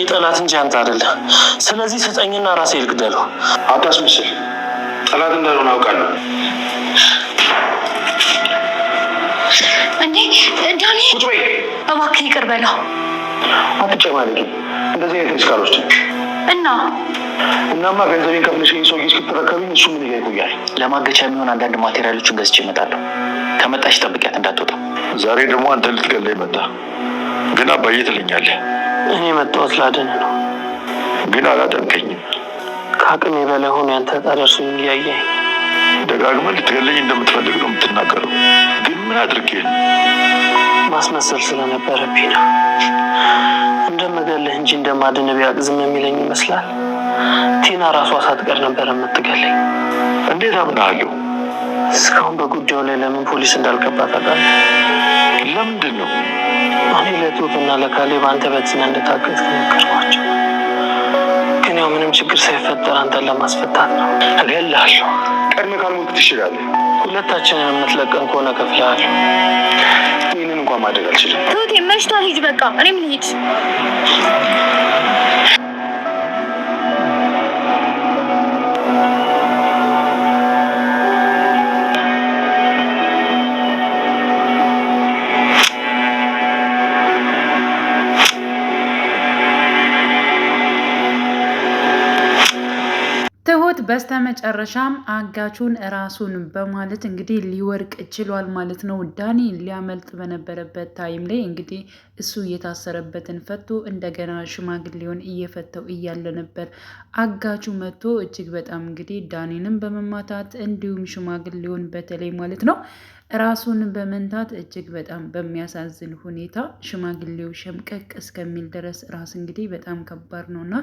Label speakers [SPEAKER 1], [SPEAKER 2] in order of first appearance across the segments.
[SPEAKER 1] የጠላት እንጂ አንተ አደለ። ስለዚህ ስጠኝና ራሴ ልግደለው።
[SPEAKER 2] አታስመስል። ጠላት እንዳልሆነ አውቃለሁ።
[SPEAKER 3] እንዴ ዳኒ፣ እባክህ ይቅር በለው።
[SPEAKER 2] አትጨማለቂ። እንደዚህ አይነት ስካሎች እና እናማ ገንዘቤን ከፍለሽ ሰውዬ እስክትረከብኝ እሱ ምን ይቆያል።
[SPEAKER 1] ለማገቻ የሚሆን አንዳንድ ማቴሪያሎችን ገዝቼ እመጣለሁ። ከመጣሽ ጠብቂያት እንዳትወጣ።
[SPEAKER 2] ዛሬ ደግሞ አንተ ልትገለኝ መጣ። ግን አባዬ ትለኛለህ
[SPEAKER 1] እኔ መጣሁት ላድን ነው፣
[SPEAKER 2] ግን አላጠብከኝም።
[SPEAKER 1] ከአቅሜ በላይ ሆኖ ያንተ ጠረሱ እያየኝ
[SPEAKER 2] ደጋግመ ልትገለኝ እንደምትፈልግ ነው የምትናገረው። ግን ምን አድርጌ
[SPEAKER 1] ማስመሰል ስለነበረብኝ ነው። እንደምገልህ እንጂ እንደማድን ቢያቅ ዝም የሚለኝ ይመስላል። ቲና ራሷ ሳትቀር ነበር የምትገለኝ።
[SPEAKER 2] እንዴት አምናለሁ?
[SPEAKER 1] እስካሁን በጉዳዩ ላይ ለምን ፖሊስ እንዳልገባ ታውቃለህ? ለምንድን ነው ለአኪዮብና ለካሌ በአንተ በዝነ እንደታገዝ ነገርኳቸው። ግን ያው ምንም ችግር ሳይፈጠር አንተን ለማስፈታት ነው።
[SPEAKER 2] እገልሃለሁ። ቀድመህ ካልሞት ትችላለህ።
[SPEAKER 1] ሁለታችንን የምትለቀን ከሆነ እከፍልሃለሁ።
[SPEAKER 2] ይህንን እንኳን ማድረግ አልችልም።
[SPEAKER 3] ትሁቴ መሽቷል፣ ሂጅ በቃ። እኔ ምን ሂድ
[SPEAKER 4] በስተ መጨረሻም አጋቹን ራሱን በማለት እንግዲህ ሊወርቅ ችሏል ማለት ነው። ዳኒ ሊያመልጥ በነበረበት ታይም ላይ እንግዲህ እሱ እየታሰረበትን ፈቶ እንደገና ሽማግሌውን እየፈተው እያለ ነበር አጋቹ መጥቶ እጅግ በጣም እንግዲህ ዳኒንም በመማታት እንዲሁም ሽማግሌውን በተለይ ማለት ነው ራሱን በመንታት እጅግ በጣም በሚያሳዝን ሁኔታ ሽማግሌው ሸምቀቅ እስከሚል ድረስ ራስ እንግዲህ በጣም ከባድ ነው እና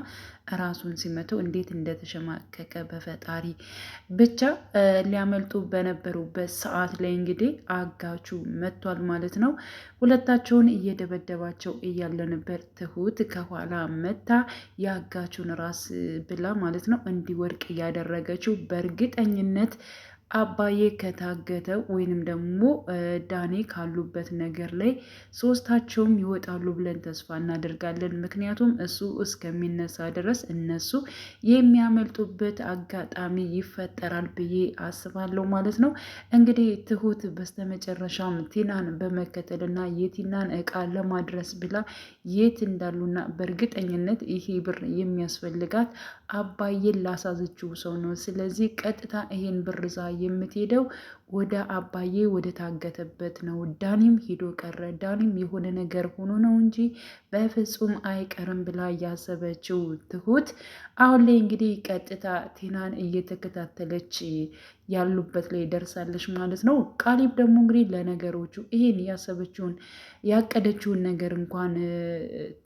[SPEAKER 4] ራሱን ሲመተው እንዴት እንደተሸማቀቀ በፈጣሪ ብቻ ሊያመልጡ በነበሩበት ሰዓት ላይ እንግዲህ አጋቹ መጥቷል ማለት ነው። ሁለታቸውን እየደበደባቸው እያለ ነበር ትሁት ከኋላ መታ የአጋቹን ራስ ብላ ማለት ነው እንዲወርቅ እያደረገችው በእርግጠኝነት አባዬ ከታገተ ወይንም ደግሞ ዳኔ ካሉበት ነገር ላይ ሶስታቸውም ይወጣሉ ብለን ተስፋ እናደርጋለን። ምክንያቱም እሱ እስከሚነሳ ድረስ እነሱ የሚያመልጡበት አጋጣሚ ይፈጠራል ብዬ አስባለሁ ማለት ነው። እንግዲህ ትሁት በስተመጨረሻም ቲናን በመከተልና የቲናን እቃ ለማድረስ ብላ የት እንዳሉና በእርግጠኝነት ይሄ ብር የሚያስፈልጋት አባዬን ላሳዘችው ሰው ነው። ስለዚህ ቀጥታ ይሄን ብር ዛ የምትሄደው ወደ አባዬ ወደ ታገተበት ነው። ዳኒም ሂዶ ቀረ። ዳኒም የሆነ ነገር ሆኖ ነው እንጂ በፍጹም አይቀርም ብላ ያሰበችው ትሁት አሁን ላይ እንግዲህ ቀጥታ ቴናን እየተከታተለች ያሉበት ላይ ደርሳለች ማለት ነው። ቃሊብ ደግሞ እንግዲህ ለነገሮቹ ይሄን ያሰበችውን ያቀደችውን ነገር እንኳን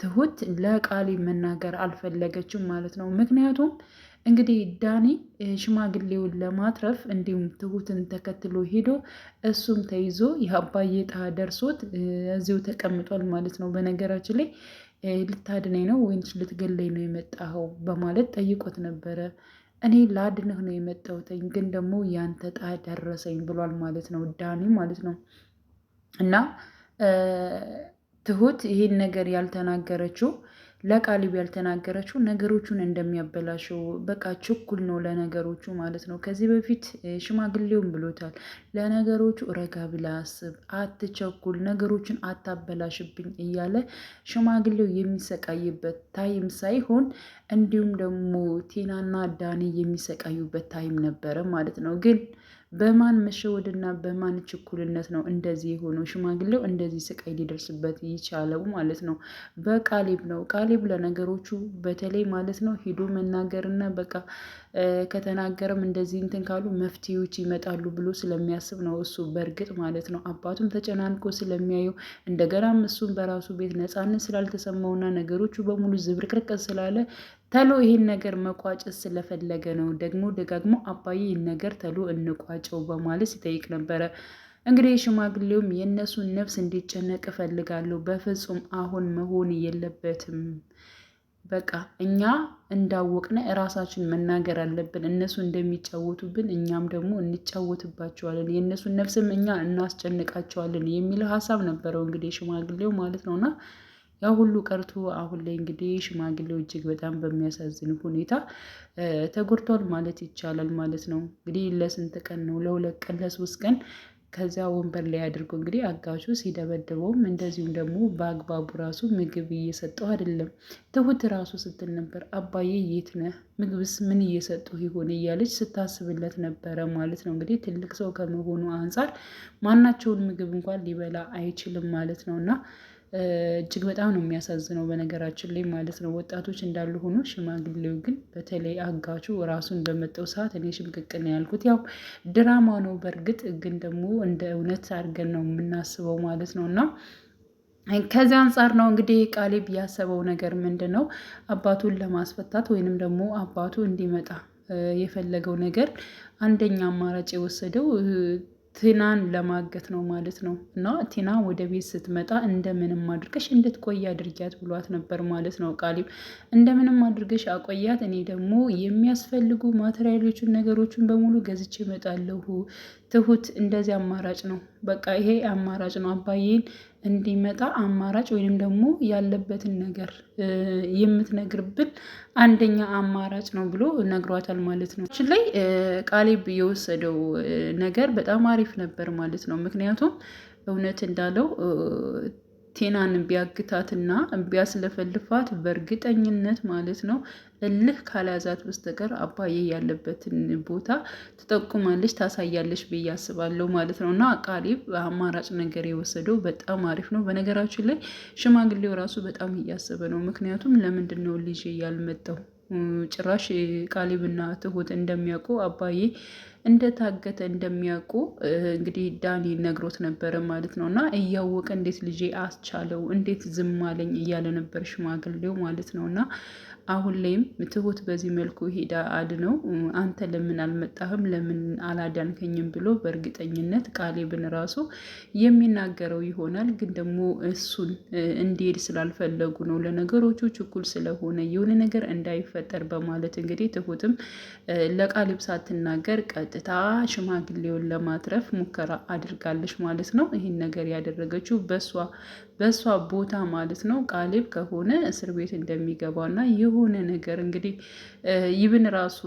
[SPEAKER 4] ትሁት ለቃሊብ መናገር አልፈለገችም ማለት ነው። ምክንያቱም እንግዲህ ዳኒ ሽማግሌውን ለማትረፍ እንዲሁም ትሁትን ተከትሎ ሄዶ እሱም ተይዞ የአባዬ ጣ ደርሶት እዚሁ ተቀምጧል ማለት ነው። በነገራችን ላይ ልታድነኝ ነው ወይንስ ልትገለኝ ነው የመጣኸው በማለት ጠይቆት ነበረ። እኔ ላድንህ ነው የመጣሁትኝ ግን ደግሞ ያንተ ጣ ደረሰኝ ብሏል ማለት ነው ዳኒ ማለት ነው። እና ትሁት ይህን ነገር ያልተናገረችው ለቃሊብ ያልተናገረችው ነገሮቹን እንደሚያበላሸው በቃ ችኩል ነው ለነገሮቹ ማለት ነው። ከዚህ በፊት ሽማግሌውን ብሎታል። ለነገሮቹ ረጋ ብለህ አስብ፣ አትቸኩል፣ ነገሮችን አታበላሽብኝ እያለ ሽማግሌው የሚሰቃይበት ታይም ሳይሆን እንዲሁም ደግሞ ቴናና ዳኔ የሚሰቃዩበት ታይም ነበረ ማለት ነው ግን በማን መሸወድና በማን ችኩልነት ነው እንደዚህ የሆነው? ሽማግሌው እንደዚህ ስቃይ ሊደርስበት ይቻለው ማለት ነው። በቃሊብ ነው። ቃሊብ ለነገሮቹ በተለይ ማለት ነው ሂዶ መናገርና በቃ ከተናገረም እንደዚህ እንትን ካሉ መፍትሄዎች ይመጣሉ ብሎ ስለሚያስብ ነው እሱ በእርግጥ ማለት ነው። አባቱም ተጨናንቆ ስለሚያየው እንደገናም እሱም በራሱ ቤት ነፃነት ስላልተሰማውና ነገሮቹ በሙሉ ዝብርቅርቅ ስላለ ተሎ ይህን ነገር መቋጨት ስለፈለገ ነው። ደግሞ ደጋግሞ አባዬ ይህን ነገር ተሎ እንቋጨው በማለት ሲጠይቅ ነበረ። እንግዲህ ሽማግሌውም የእነሱን ነፍስ እንዲጨነቅ እፈልጋለሁ፣ በፍጹም አሁን መሆን የለበትም በቃ እኛ እንዳወቅነ እራሳችን መናገር አለብን። እነሱ እንደሚጫወቱብን እኛም ደግሞ እንጫወትባቸዋለን፣ የእነሱን ነፍስም እኛ እናስጨንቃቸዋለን የሚል ሀሳብ ነበረው እንግዲህ ሽማግሌው ማለት ነውና ያ ሁሉ ቀርቶ አሁን ላይ እንግዲህ ሽማግሌው እጅግ በጣም በሚያሳዝን ሁኔታ ተጎድቷል ማለት ይቻላል ማለት ነው። እንግዲህ ለስንት ቀን ነው? ለሁለት ቀን ለሶስት ቀን ከዚያ ወንበር ላይ አድርጎ እንግዲህ አጋቹ ሲደበድበውም እንደዚሁም ደግሞ በአግባቡ ራሱ ምግብ እየሰጠው አይደለም። ትሁት ራሱ ስትል ነበር አባዬ የት ነህ? ምግብስ ምን እየሰጡ ይሆን እያለች ስታስብለት ነበረ ማለት ነው። እንግዲህ ትልቅ ሰው ከመሆኑ አንጻር ማናቸውን ምግብ እንኳን ሊበላ አይችልም ማለት ነው እና እጅግ በጣም ነው የሚያሳዝነው በነገራችን ላይ ማለት ነው። ወጣቶች እንዳሉ ሆኖ ሽማግሌው ግን በተለይ አጋቹ ራሱን በመጠው ሰዓት እኔ ሽምቅቅ ነው ያልኩት። ያው ድራማ ነው በእርግጥ ግን ደግሞ እንደ እውነት አድርገን ነው የምናስበው ማለት ነው እና ከዚህ አንጻር ነው እንግዲህ ቃሌብ ያሰበው ነገር ምንድን ነው አባቱን ለማስፈታት ወይንም ደግሞ አባቱ እንዲመጣ የፈለገው ነገር አንደኛ አማራጭ የወሰደው ቲናን ለማገት ነው ማለት ነው። እና ቲና ወደ ቤት ስትመጣ እንደምንም አድርገሽ እንድትቆይ አድርጊያት ብሏት ነበር ማለት ነው። ቃሊብ እንደምንም አድርገሽ አቆያት፣ እኔ ደግሞ የሚያስፈልጉ ማቴሪያሎችን ነገሮችን በሙሉ ገዝቼ እመጣለሁ ትሁት እንደዚህ አማራጭ ነው፣ በቃ ይሄ አማራጭ ነው፣ አባዬን እንዲመጣ አማራጭ ወይንም ደግሞ ያለበትን ነገር የምትነግርብን አንደኛ አማራጭ ነው ብሎ ነግሯታል ማለት ነው። ችን ላይ ቃሌብ የወሰደው ነገር በጣም አሪፍ ነበር ማለት ነው። ምክንያቱም እውነት እንዳለው ቴናን ቢያግታትና ቢያስለፈልፋት በእርግጠኝነት ማለት ነው እልህ ካላያዛት በስተቀር አባዬ ያለበትን ቦታ ትጠቁማለች፣ ታሳያለች ብዬ አስባለሁ ማለት ነው። እና ቃሊብ አማራጭ ነገር የወሰደው በጣም አሪፍ ነው። በነገራችን ላይ ሽማግሌው ራሱ በጣም እያሰበ ነው። ምክንያቱም ለምንድን ነው ልጅ ያልመጣው ጭራሽ ቃሊብና ትሁት እንደሚያውቁ አባዬ እንደታገተ እንደሚያውቁ እንግዲህ ዳኒ ነግሮት ነበረ ማለት ነው። እና እያወቀ እንዴት ልጄ አስቻለው እንዴት ዝም አለኝ እያለ ነበር ሽማግሌው ማለት ነው እና አሁን ላይም ትሁት በዚህ መልኩ ሄዳ አድነው አንተ ለምን አልመጣህም ለምን አላዳንከኝም ብሎ በእርግጠኝነት ቃሌብን ራሱ የሚናገረው ይሆናል። ግን ደግሞ እሱን እንዲሄድ ስላልፈለጉ ነው ለነገሮቹ ችኩል ስለሆነ የሆነ ነገር እንዳይፈጠር በማለት እንግዲህ ትሁትም ለቃሌብ ሳትናገር ቀጥታ ሽማግሌውን ለማትረፍ ሙከራ አድርጋለች ማለት ነው። ይህን ነገር ያደረገችው በሷ ቦታ ማለት ነው ቃሌብ ከሆነ እስር ቤት እንደሚገባና የሆነ ነገር እንግዲህ ይብን ራሱ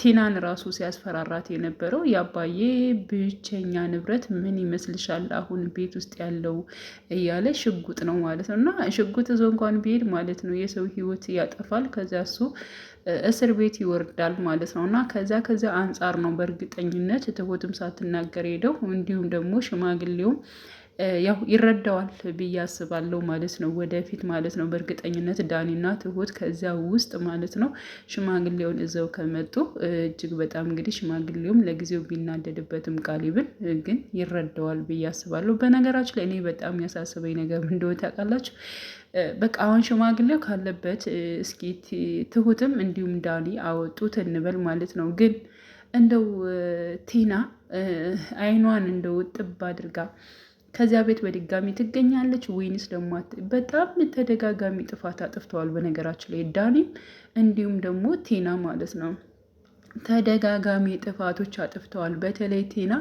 [SPEAKER 4] ቲናን ራሱ ሲያስፈራራት የነበረው የአባዬ ብቸኛ ንብረት ምን ይመስልሻል አሁን ቤት ውስጥ ያለው እያለ ሽጉጥ ነው ማለት ነው። እና ሽጉጥ እዞ እንኳን ቢሄድ ማለት ነው የሰው ህይወት ያጠፋል። ከዚያ እሱ እስር ቤት ይወርዳል ማለት ነው። እና ከዚያ ከዚያ አንጻር ነው በእርግጠኝነት ትሁትም ሳትናገር ሄደው እንዲሁም ደግሞ ሽማግሌውም ያው ይረዳዋል ብዬ አስባለሁ ማለት ነው፣ ወደፊት ማለት ነው። በእርግጠኝነት ዳኒና ትሁት ከዚያ ውስጥ ማለት ነው ሽማግሌውን እዘው ከመጡ እጅግ በጣም እንግዲህ ሽማግሌውም ለጊዜው ቢናደድበትም ቃሊብን ግን ይረዳዋል ብዬ አስባለሁ። በነገራችን ላይ እኔ በጣም ያሳስበኝ ነገር እንደሆነ ታውቃላችሁ። በቃ አሁን ሽማግሌው ካለበት እስኪ ትሁትም እንዲሁም ዳኒ አወጡት እንበል ማለት ነው ግን እንደው ቲና አይኗን እንደው ጥብ አድርጋ ከዚያ ቤት በድጋሚ ትገኛለች ወይንስ ደግሞ በጣም ተደጋጋሚ ጥፋት አጥፍተዋል። በነገራችን ላይ ዳኒም እንዲሁም ደግሞ ቴና ማለት ነው ተደጋጋሚ ጥፋቶች አጥፍተዋል። በተለይ ቴና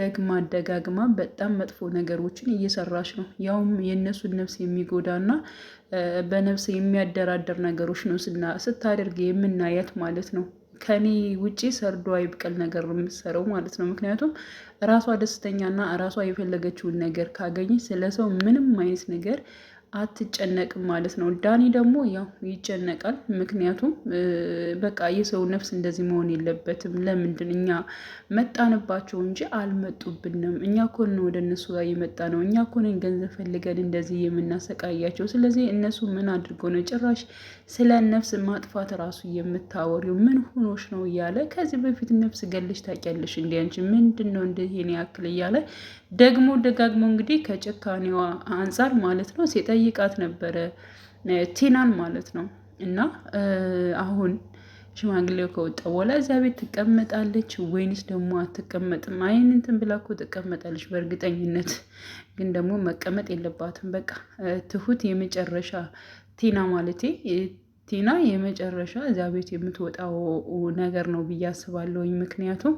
[SPEAKER 4] ደግማ ደጋግማ በጣም መጥፎ ነገሮችን እየሰራች ነው። ያውም የእነሱን ነፍስ የሚጎዳና በነፍስ የሚያደራደር ነገሮች ነው ስታደርግ የምናያት ማለት ነው። ከኔ ውጪ ሰርዶ አይብቀል ነገር ነው የምትሰራው ማለት ነው። ምክንያቱም ራሷ ደስተኛና ራሷ የፈለገችውን ነገር ካገኘች ስለ ሰው ምንም አይነት ነገር አትጨነቅም ማለት ነው። ዳኒ ደግሞ ያው ይጨነቃል። ምክንያቱም በቃ የሰው ነፍስ እንደዚህ መሆን የለበትም። ለምንድን እኛ መጣንባቸው እንጂ አልመጡብንም። እኛ ኮን ወደ እነሱ ጋር የመጣ ነው። እኛ ኮንን ገንዘብ ፈልገን እንደዚህ የምናሰቃያቸው። ስለዚህ እነሱ ምን አድርገው ነው ጭራሽ ስለ ነፍስ ማጥፋት ራሱ የምታወሪው? ምን ሆኖች ነው እያለ ከዚህ በፊት ነፍስ ገልሽ ታውቂያለሽ እንዲያንች ምንድን ነው እንደዚህ ያክል እያለ ደግሞ ደጋግሞ እንግዲህ ከጭካኔዋ አንጻር ማለት ነው ሲጠይቃት ነበረ ቲናን ማለት ነው። እና አሁን ሽማግሌው ከወጣ በኋላ እዚያ ቤት ትቀመጣለች ወይንስ ደግሞ አትቀመጥም? አይን እንትን ብላ እኮ ትቀመጣለች በእርግጠኝነት ግን ደግሞ መቀመጥ የለባትም። በቃ ትሁት የመጨረሻ ቲና ማለቴ ቲና የመጨረሻ እዚያ ቤት የምትወጣው ነገር ነው ብዬ አስባለሁኝ። ምክንያቱም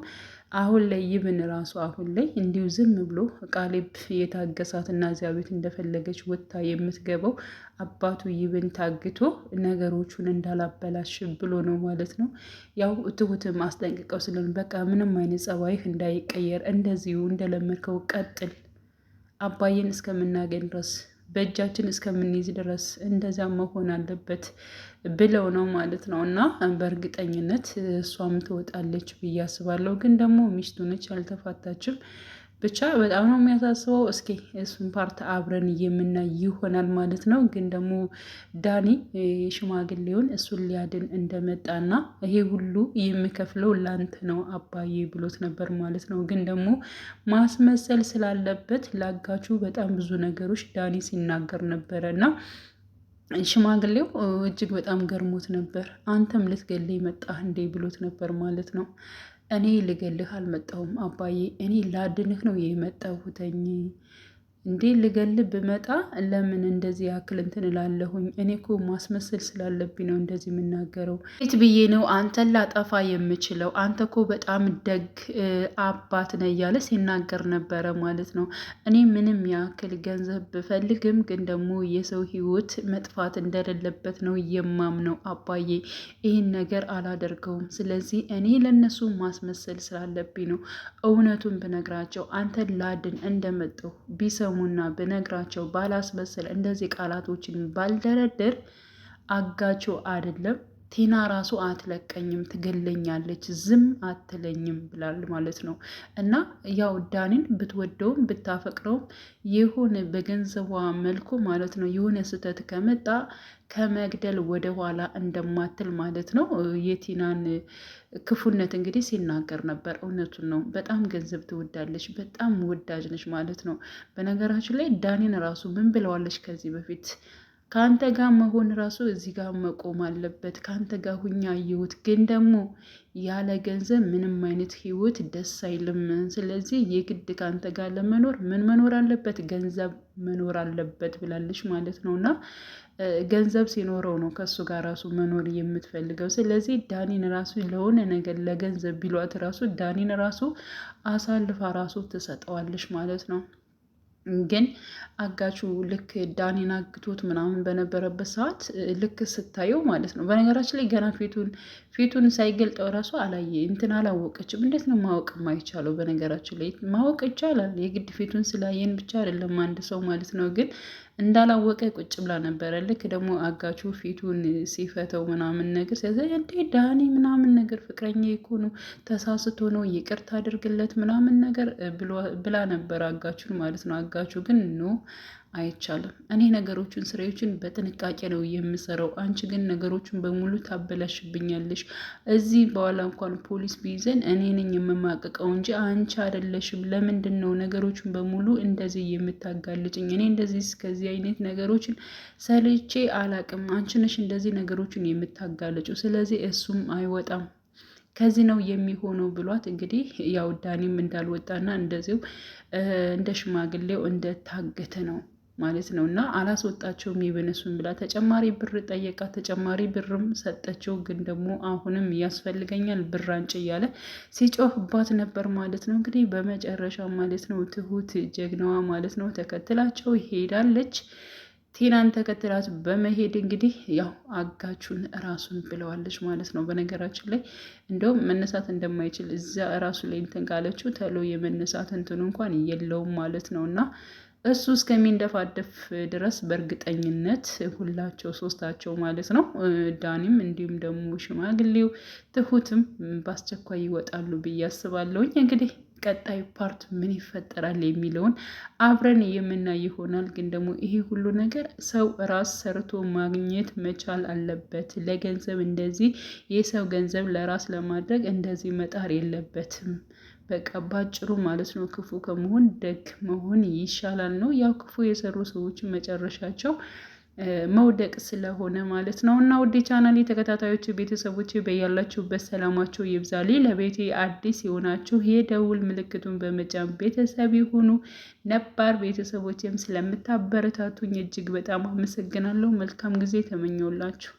[SPEAKER 4] አሁን ላይ ይብን ራሱ አሁን ላይ እንዲሁ ዝም ብሎ ቃሌብ የታገሳት እና እዚያ ቤት እንደፈለገች ወጥታ የምትገባው አባቱ ይብን ታግቶ ነገሮቹን እንዳላበላሽ ብሎ ነው ማለት ነው። ያው ትሁትም አስጠንቅቀው ስለሆን በቃ ምንም አይነት ጸባይህ እንዳይቀየር እንደዚሁ እንደለመድከው ቀጥል አባዬን እስከምናገኝ ድረስ በእጃችን እስከምንይዝ ድረስ እንደዛ መሆን አለበት ብለው ነው ማለት ነው። እና በእርግጠኝነት እሷም ትወጣለች ብዬ አስባለሁ። ግን ደግሞ ሚስቱ ነች፣ አልተፋታችም። ብቻ በጣም ነው የሚያሳስበው። እስኪ እሱን ፓርት አብረን የምናይ ይሆናል ማለት ነው። ግን ደግሞ ዳኒ ሽማግሌውን እሱን ሊያድን እንደመጣና ይሄ ሁሉ የሚከፍለው ላንተ ነው አባዬ ብሎት ነበር ማለት ነው። ግን ደግሞ ማስመሰል ስላለበት ላጋቹ በጣም ብዙ ነገሮች ዳኒ ሲናገር ነበረ እና ሽማግሌው እጅግ በጣም ገርሞት ነበር። አንተም ልትገልህ መጣህ እንዴ ብሎት ነበር ማለት ነው። እኔ ልገልህ አልመጣሁም አባዬ፣ እኔ ላድንህ ነው የመጣሁትኝ እንዴ ልገል ብመጣ ለምን እንደዚህ ያክል እንትን እላለሁኝ? እኔ እኮ ማስመሰል ስላለብኝ ነው እንደዚህ የምናገረው። ቤት ብዬ ነው አንተን ላጠፋ የምችለው። አንተ እኮ በጣም ደግ አባት ነህ እያለ ሲናገር ነበረ ማለት ነው። እኔ ምንም ያክል ገንዘብ ብፈልግም ግን ደግሞ የሰው ሕይወት መጥፋት እንደሌለበት ነው የማምነው። አባዬ ይህን ነገር አላደርገውም። ስለዚህ እኔ ለነሱ ማስመሰል ስላለብኝ ነው። እውነቱን ብነግራቸው አንተን ላድን እንደመጣሁ ቢሰ ቢሰሙና ብነግራቸው ባላስመስል እንደዚህ ቃላቶችን ባልደረድር አጋቸው አይደለም ቲና ራሱ አትለቀኝም፣ ትገለኛለች፣ ዝም አትለኝም ብላል ማለት ነው። እና ያው ዳኒን ብትወደውም ብታፈቅረውም የሆነ በገንዘቧ መልኩ ማለት ነው የሆነ ስህተት ከመጣ ከመግደል ወደ ኋላ እንደማትል ማለት ነው። የቲናን ክፉነት እንግዲህ ሲናገር ነበር። እውነቱን ነው። በጣም ገንዘብ ትወዳለች፣ በጣም ወዳጅ ነች ማለት ነው። በነገራችን ላይ ዳኒን ራሱ ምን ብለዋለች ከዚህ በፊት ከአንተ ጋር መሆን ራሱ እዚህ ጋር መቆም አለበት። ከአንተ ጋር ሁኛ ህይወት ግን ደግሞ ያለ ገንዘብ ምንም አይነት ህይወት ደስ አይልም። ስለዚህ የግድ ከአንተ ጋር ለመኖር ምን መኖር አለበት? ገንዘብ መኖር አለበት ብላለች ማለት ነው። እና ገንዘብ ሲኖረው ነው ከእሱ ጋር ራሱ መኖር የምትፈልገው። ስለዚህ ዳኒን ራሱ ለሆነ ነገር ለገንዘብ ቢሏት ራሱ ዳኒን ራሱ አሳልፋ ራሱ ትሰጠዋለች ማለት ነው። ግን አጋቹ ልክ ዳኔን አግቶት ምናምን በነበረበት ሰዓት ልክ ስታየው ማለት ነው። በነገራችን ላይ ገና ፊቱን ፊቱን ሳይገልጠው ራሱ አላየ እንትን አላወቀችም። እንዴት ነው ማወቅ የማይቻለው? በነገራችን ላይ ማወቅ ይቻላል። የግድ ፊቱን ስላየን ብቻ አይደለም አንድ ሰው ማለት ነው ግን እንዳላወቀ ቁጭ ብላ ነበረ። ልክ ደግሞ አጋቹ ፊቱን ሲፈተው ምናምን ነገር ሲያዘ እንዴ ዳኒ ምናምን ነገር ፍቅረኛ እኮ ነው ተሳስቶ ነው ይቅርታ አድርግለት ምናምን ነገር ብላ ነበር አጋቹን ማለት ነው። አጋቹ ግን ነው አይቻልም። እኔ ነገሮችን ስራዎችን በጥንቃቄ ነው የምሰራው። አንቺ ግን ነገሮችን በሙሉ ታበላሽብኛለሽ። እዚህ በኋላ እንኳን ፖሊስ ቢይዘን እኔንኝ ነኝ የምማቀቀው እንጂ አንቺ አይደለሽም። ለምንድን ነው ነገሮችን በሙሉ እንደዚህ የምታጋልጭኝ? እኔ እንደዚህ እስከዚህ አይነት ነገሮችን ሰልቼ አላቅም። አንቺ ነሽ እንደዚህ ነገሮችን የምታጋልጩ። ስለዚህ እሱም አይወጣም ከዚህ ነው የሚሆነው ብሏት እንግዲህ ያው ዳኒም እንዳልወጣና እንደዚሁ እንደ ሽማግሌው እንደታገተ ነው ማለት ነው። እና አላስወጣቸውም ይበነሱም ብላ ተጨማሪ ብር ጠየቃ። ተጨማሪ ብርም ሰጠችው። ግን ደግሞ አሁንም ያስፈልገኛል ብር አንጭ እያለ ሲጮህባት ነበር ማለት ነው። እንግዲህ በመጨረሻ ማለት ነው ትሁት ጀግናዋ ማለት ነው ተከትላቸው ሄዳለች። ቲናን ተከትላት በመሄድ እንግዲህ ያው አጋቹን እራሱን ብለዋለች ማለት ነው። በነገራችን ላይ እንደውም መነሳት እንደማይችል እዛ እራሱ ላይ እንትን ካለችው ተሎ የመነሳት እንትኑ እንኳን የለውም ማለት ነው እና እሱ እስከሚንደፋደፍ ድረስ በእርግጠኝነት ሁላቸው ሶስታቸው ማለት ነው ዳኒም እንዲሁም ደግሞ ሽማግሌው ትሁትም በአስቸኳይ ይወጣሉ ብዬ አስባለሁኝ። እንግዲህ ቀጣይ ፓርት ምን ይፈጠራል የሚለውን አብረን የምናይ ይሆናል። ግን ደግሞ ይሄ ሁሉ ነገር ሰው ራስ ሰርቶ ማግኘት መቻል አለበት። ለገንዘብ እንደዚህ የሰው ገንዘብ ለራስ ለማድረግ እንደዚህ መጣር የለበትም። በቃ ባጭሩ ማለት ነው። ክፉ ከመሆን ደግ መሆን ይሻላል ነው። ያው ክፉ የሰሩ ሰዎች መጨረሻቸው መውደቅ ስለሆነ ማለት ነው። እና ውዴ ቻናል ተከታታዮች ቤተሰቦች በያላችሁበት ሰላማቸው ይብዛል። ለቤቴ አዲስ የሆናችሁ የደውል ምልክቱን በመጫን ቤተሰብ የሆኑ ነባር ቤተሰቦችም ስለምታበረታቱኝ እጅግ በጣም አመሰግናለሁ። መልካም ጊዜ ተመኘውላችሁ።